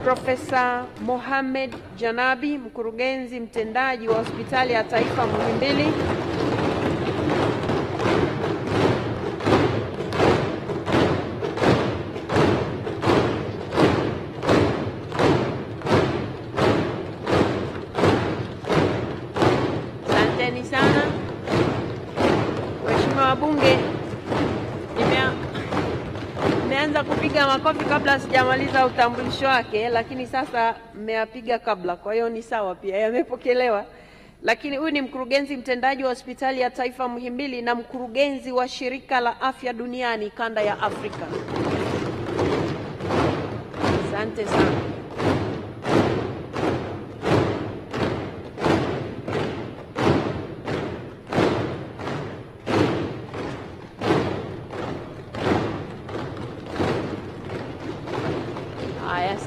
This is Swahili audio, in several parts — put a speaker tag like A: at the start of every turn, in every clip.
A: Profesa Mohamed Janabi, mkurugenzi mtendaji wa Hospitali ya Taifa Muhimbili. Asanteni sana. Waheshimiwa wabunge Mmeanza kupiga makofi kabla sijamaliza utambulisho wake, lakini sasa mmeyapiga kabla, kwa hiyo ni sawa, pia yamepokelewa. Lakini huyu ni mkurugenzi mtendaji wa hospitali ya taifa Muhimbili na mkurugenzi wa shirika la afya duniani kanda ya Afrika. Asante sana.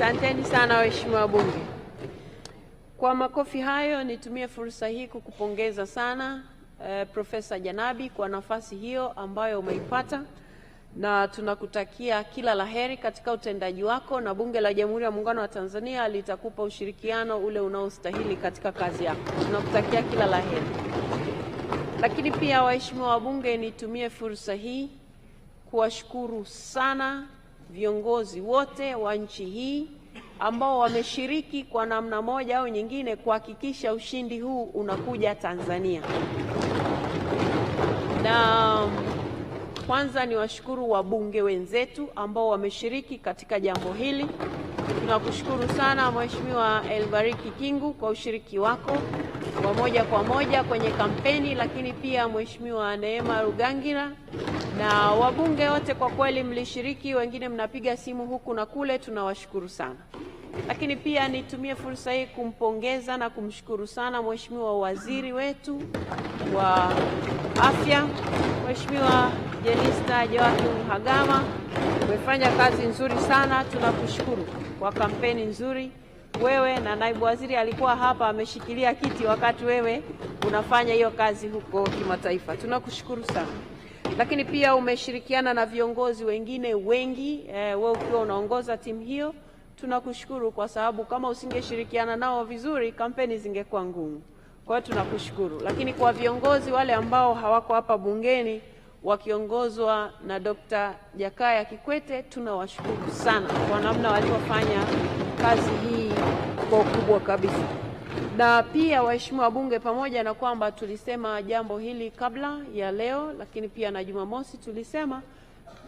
A: Asanteni sana waheshimiwa wabunge. Kwa makofi hayo, nitumie fursa hii kukupongeza sana eh, Profesa Janabi kwa nafasi hiyo ambayo umeipata na tunakutakia kila laheri katika utendaji wako, na Bunge la Jamhuri ya Muungano wa Tanzania litakupa ushirikiano ule unaostahili katika kazi yako. Tunakutakia kila laheri. Lakini pia waheshimiwa wabunge, nitumie fursa hii kuwashukuru sana viongozi wote wa nchi hii ambao wameshiriki kwa namna moja au nyingine kuhakikisha ushindi huu unakuja Tanzania. Na kwanza niwashukuru wabunge wenzetu ambao wameshiriki katika jambo hili. Tunakushukuru sana Mheshimiwa Elbariki Kingu kwa ushiriki wako wa moja kwa moja kwenye kampeni, lakini pia Mheshimiwa Neema Rugangira na wabunge wote, kwa kweli mlishiriki, wengine mnapiga simu huku na kule, tunawashukuru sana. Lakini pia nitumie fursa hii kumpongeza na kumshukuru sana Mheshimiwa Waziri wetu wa Afya, Mheshimiwa Jenista Joachim Mhagama. Umefanya kazi nzuri sana, tunakushukuru kwa kampeni nzuri. Wewe na naibu waziri alikuwa hapa ameshikilia kiti wakati wewe unafanya hiyo kazi huko kimataifa, tunakushukuru sana lakini pia umeshirikiana na viongozi wengine wengi eh, wewe ukiwa unaongoza timu hiyo tunakushukuru kwa sababu kama usingeshirikiana nao vizuri kampeni zingekuwa ngumu. Kwa hiyo tunakushukuru, lakini kwa viongozi wale ambao hawako hapa bungeni wakiongozwa na Dr. Jakaya Kikwete, tunawashukuru sana kwa namna walivyofanya kazi hii kwa ukubwa kabisa. Na pia waheshimiwa wabunge, pamoja na kwamba tulisema jambo hili kabla ya leo, lakini pia na Jumamosi tulisema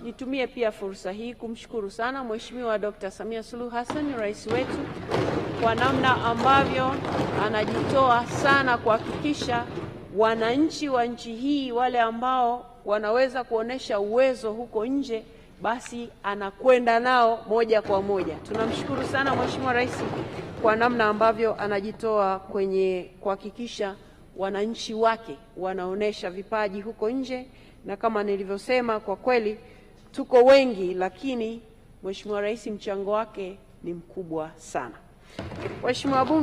A: Nitumie pia fursa hii kumshukuru sana Mheshimiwa Dkt. Samia Suluhu Hassan, rais wetu, kwa namna ambavyo anajitoa sana kuhakikisha wananchi wa nchi hii wale ambao wanaweza kuonesha uwezo huko nje, basi anakwenda nao moja kwa moja. Tunamshukuru sana Mheshimiwa Rais kwa namna ambavyo anajitoa kwenye kuhakikisha wananchi wake wanaonesha vipaji huko nje, na kama nilivyosema, kwa kweli tuko wengi, lakini Mheshimiwa Rais mchango wake ni mkubwa sana. Mheshimiwa